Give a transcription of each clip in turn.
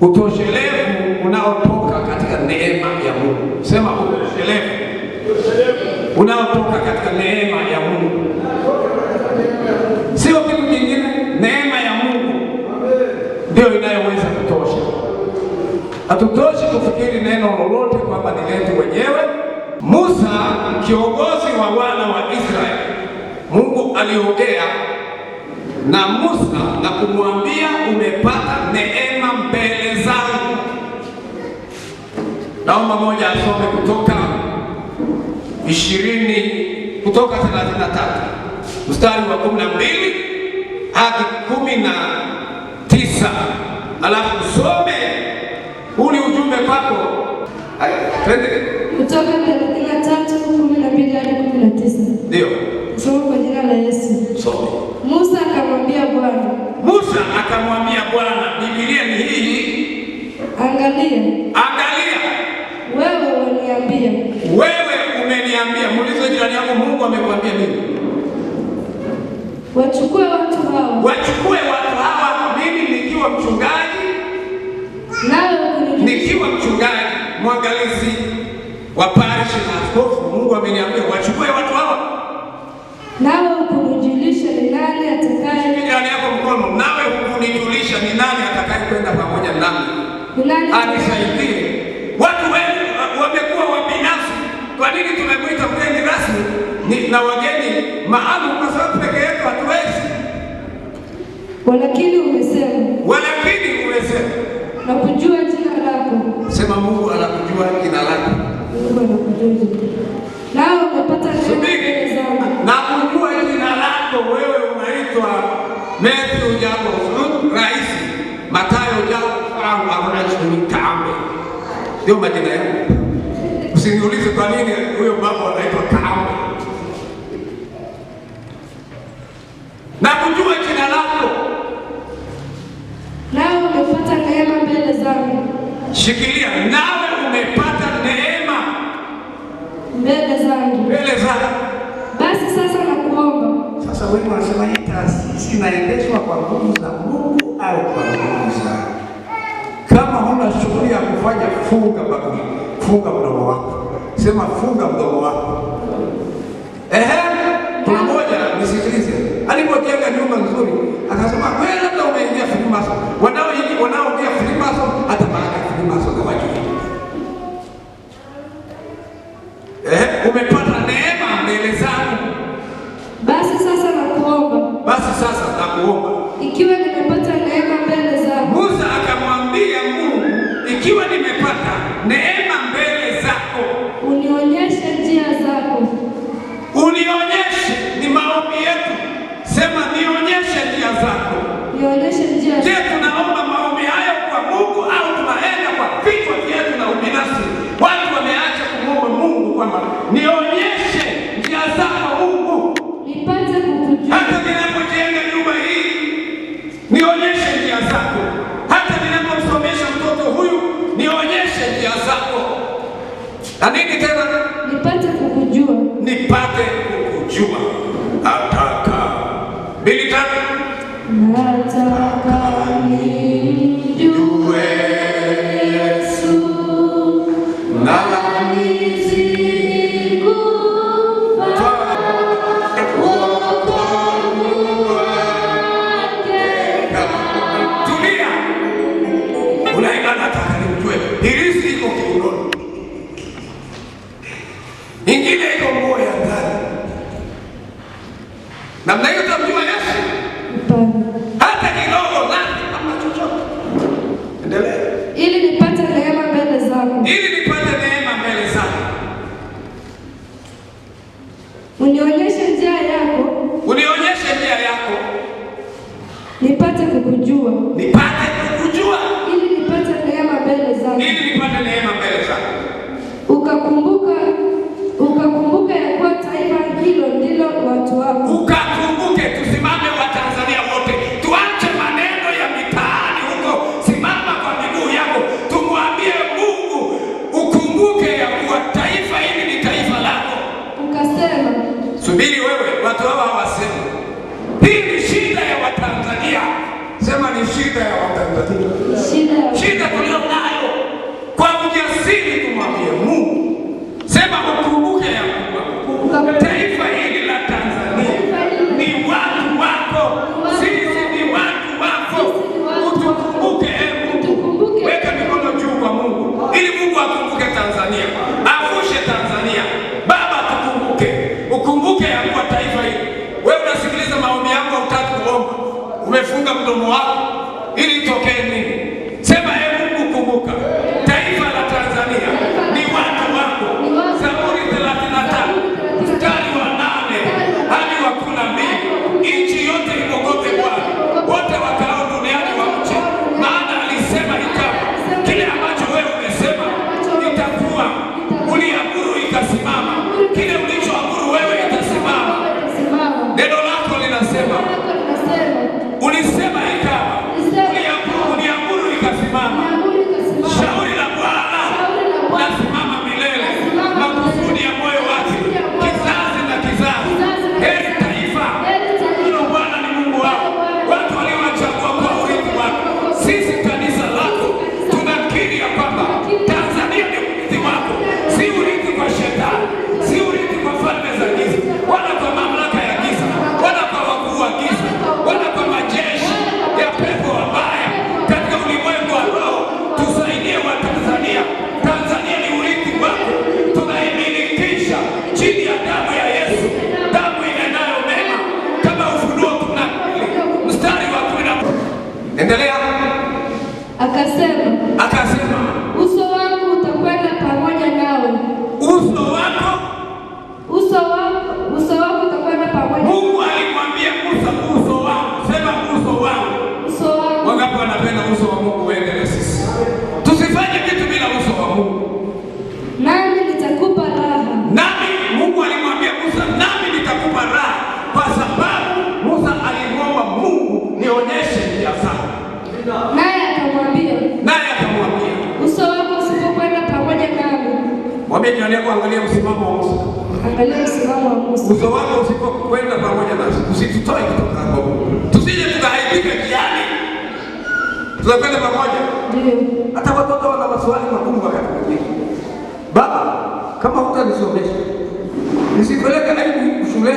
Utoshelevu unaotoka katika neema ya Mungu. Sema utoshelevu unaotoka katika neema ya Mungu, sio kitu kingine. Neema ya Mungu ndio inayoweza kutosha. Hatutoshi kufikiri neno lolote kwamba ni letu wenyewe. Musa, kiongozi wa wana wa Israeli, Mungu aliongea na Musa na kumwambia umepata neema mbele zangu. Naomba moja asome kutoka ishirini kutoka 33 mstari wa 12 hadi 19, alafu usome uli ujumbe kwako. Twende kutoka 33 12 hadi 19, ndio. Soma kwa jina la Yesu. Soma. Musa akamwambia Bwana. Musa akamwambia Bwana, Biblia ni hii. Angalia. Angalia. Wewe umeniambia. Wewe umeniambia. Muulize jirani yako Mungu amekwambia nini? Wachukue watu hawa. Wachukue watu hawa mimi nikiwa mchungaji. Nawe nikiwa mchungaji, mwangalizi wa parish na askofu, Mungu ameniambia wachukue watu nawe hukunijulisha ni nani atakaye. Jirani yako mkono, nawe hukunijulisha ni nani atakaye kwenda pamoja nami anisaidie. Watu wengi wamekuwa wabinafsi. Kwa nini tumemwita mgeni rasmi na wageni maalum? Kwa sababu peke yetu hatuwezi. Walakini umesema, walakini umesema, na kujua jina lako. Sema Mungu anakujua jina lako. Mungu anakujua jina lako. Nao utapata Mathayo ujambo mfurutu rahisi, Mathayo ujambo fahamu, hakuna shughuli Kaambe. Ndio majina yao. Msiniulize kwa nini huyo baba anaitwa Kaambe. Na kujua jina lako, nawe umepata neema mbele zangu. Shikilia, nawe umepata neema mbele zangu, mbele zangu sasa wengi wanasema hii taasisi inaendeshwa kwa nguvu za Mungu au kwa nguvu za kama huna shughuli ya kufanya, funga babu, funga mdomo wako, sema funga mdomo wako. Ehe, kuna moja nisikilize, alipojenga nyumba nzuri akasema wewe labda umeingia Freemason, wanao hivi hili wanaoingia Freemason hata baada baraka Freemason kama hiyo. Ehe, umepa sasa na kuomba. Ikiwa nimepata neema mbele zako. Musa akamwambia Mungu, ikiwa nimepata neema Amen. Come mdomo wako angalia kuangalia msimamo wa Musa. Angalia msimamo wa Musa. Uso wake usipokwenda pamoja nasi, usitutoe kutoka hapo. Tusije tukaaibika njiani. Tunakwenda pamoja. Ndio. Hata watoto wana maswali magumu wakati mwingine. Baba, kama hutanisomesha, nisipeleke aibu shule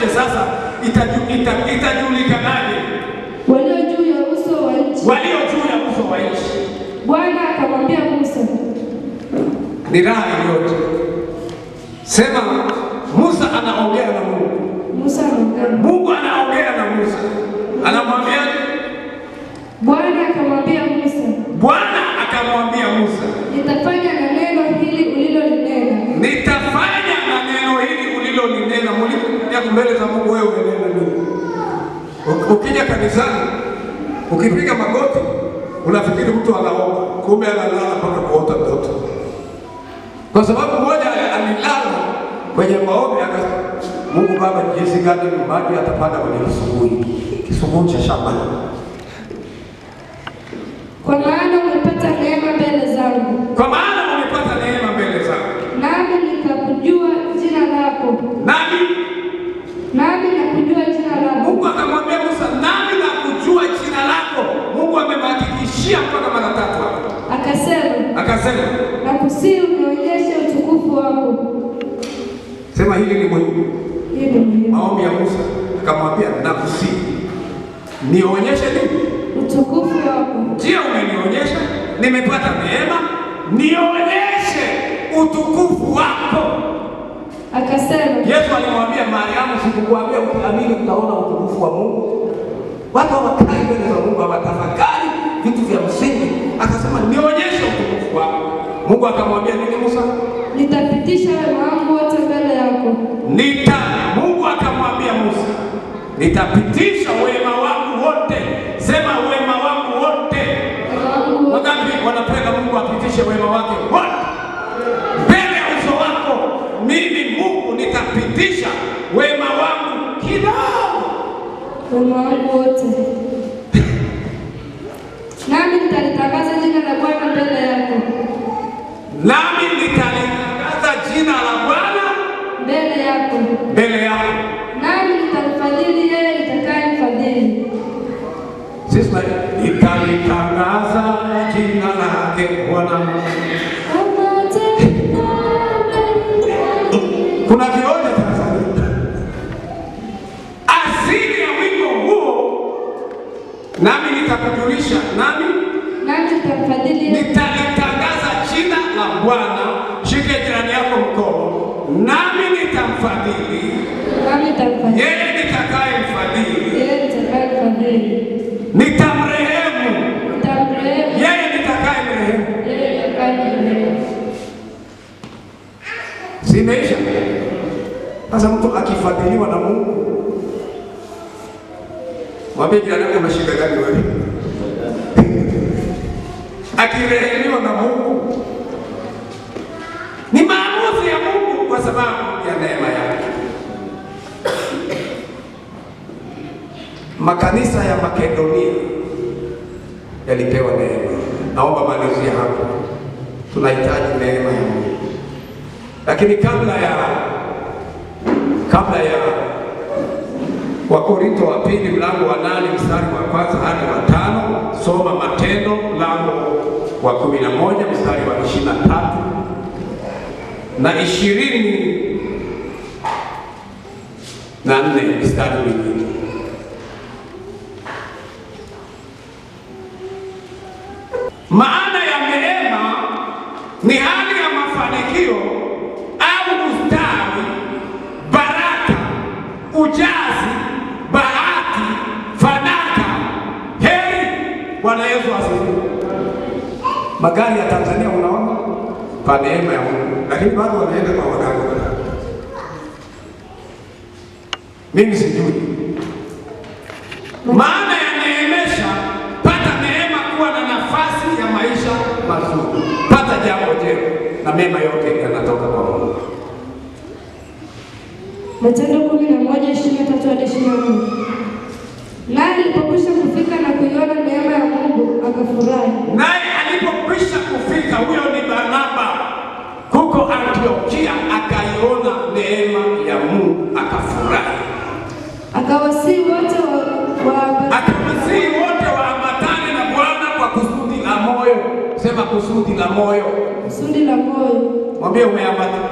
yake sasa itajulikanaje? walio juu ya uso wa nchi, walio juu ya uso wa nchi. Bwana akamwambia Musa, ni raha yote sema, Musa anaongea na Mungu, Musa anaongea, Mungu anaongea na Musa, anamwambia Bwana akamwambia Musa, Bwana akamwambia Musa, nitafanya na lakini mbele za Mungu wewe umenena nini? Ukija kanisani ukipiga magoti unafikiri mtu anaomba, kumbe analala mpaka kuota ndoto, kwa sababu mmoja alilala kwenye maombi akasema, Mungu Baba, jinsi gani mbaji atapanda kwenye kisunguni, kisubuhi cha shambani, Kwa maana umepata neema mbele zangu Akasema, nakusihi unionyeshe utukufu wako. Sema hili ni muhimu. Maombi ya Musa, akamwambia nakusihi nionyeshe nini? Utukufu wako. Ndio umenionyesha, nimepata neema, nionyeshe utukufu wako. Akasema, Yesu alimwambia Mariamu, sikukuambia utaamini, utaona utukufu wa Mungu. Watu hawakai mbele za Mungu, hawatafakari vitu vya msingi, akasema nionyeshe utukufu wako. Mungu akamwambia nini Musa? Nitapitisha wangu wote mbele yako. Nita Mungu akamwambia Musa, nitapitisha wema wangu wote. Sema wema wangu wote. Wangapi wanapenda Mungu apitishe wema wake wote mbele ya uso wako? Mimi Mungu nitapitisha wema wangu kidogo, wema wangu wote nami nitalitangaza jina la Bwana mbele yako, nami nitalitangaza jina la Bwana mbele yako, mbele yako, nami nitamfadhili yeye nitakayemfadhili. Sisi nitalitangaza jina lake Bwana Bwana, shike jirani yako mkono, nami nitamfadhili yeye, nitakaye mfadhili nitamrehemu yeye, nitakaye mrehemu. Zimeisha sasa. Mtu akifadhiliwa na Mungu, mwambie jirani yako, una gani wewe? akirehemiwa na Mungu ni maamuzi ya Mungu kwa sababu ya neema yake. Makanisa ya Makedonia yalipewa neema. Naomba malizia hapo, tunahitaji neema ya Mungu, lakini kabla ya kabla ya Wakorinto wa pili mlango wa nane mstari wa kwanza hadi wa tano soma Matendo mlango wa kumi na moja mstari wa ishirini na tatu na ishirini na nne mistari mwingine maana ya neema ni hali ya mafanikio au ustawi, baraka, ujazi, bahati, fanaka, heri. Bwana Yesu asifiwe. Magari ya Tanzania unaona, pa neema ya Mungu lakini bado wanaenda kwa waganga. Mimi sijui maana ya neemesha. Pata neema, kuwa na nafasi ya maisha mazuri, pata jambo jema, na mema yote yanatoka kwa Mungu. Matendo 11:23 hadi 24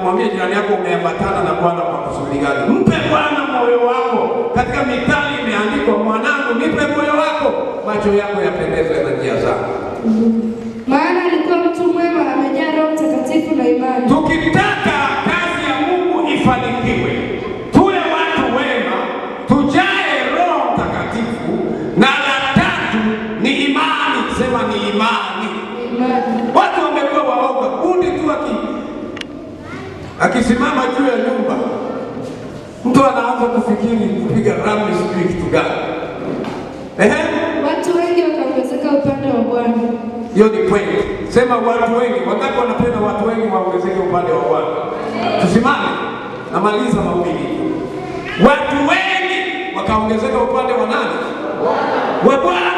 mwambie jirani yako umeambatana na Bwana kwa kusudi gani? Mpe Bwana moyo wako. Katika Mithali imeandikwa, mwanangu, nipe moyo wako, macho yako yapendezwe na njia zako. Maana alikuwa mtu mwema, amejaa Roho Mtakatifu na imani. Tukitaka kazi ya Mungu ifanikiwe akisimama juu ya nyumba, mtu anaanza kufikiri kupiga ramli, sijui kitu gani. Ehe, watu wengi wakaongezeka upande wa Bwana. Hiyo ni kweli, sema watu wengi. Wangapi wanapenda watu wengi waongezeke upande wa Bwana? Tusimame, namaliza mahubiri. Watu wengi wakaongezeka upande wa nani? Wa Bwana.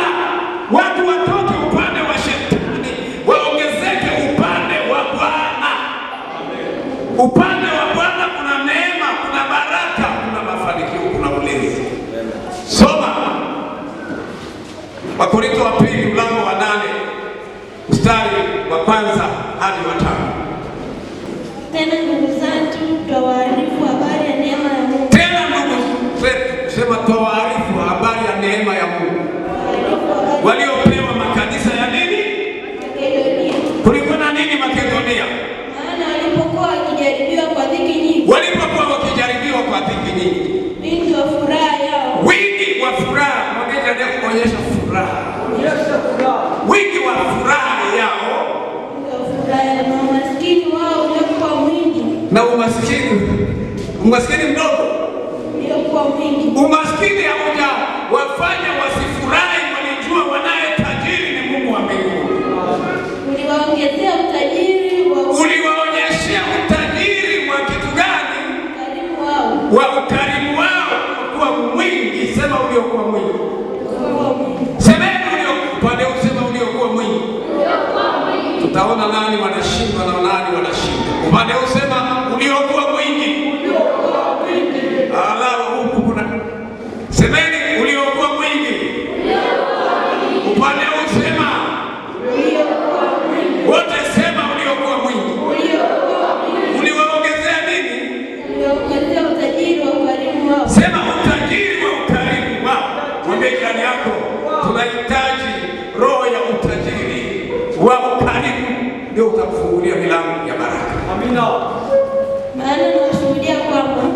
Upande wa Bwana kuna neema, kuna baraka, kuna mafanikio, kuna ulinzi. Soma Wakorintho wa pili mlango wa nane mstari wa kwanza hadi wa tano. Tena ndugu zetu habari ya neema ya Mungu. Tena ndugu zetu sema, twawaarifu habari ya neema ya Mungu waliopewa makanisa ya nini? Kulikuwa na nini Makedonia? wa furaha, mwambie ndio kuonyesha furaha, Kuonyesha furaha. wingi wa furaha yao na umaskini, umaskini mdogo utaona nani wanashindwa na nani wanashinda. Upande usema ulio wa ukarimu ndio utakufungulia milango ya baraka. Amina. Maana nashuhudia kwamba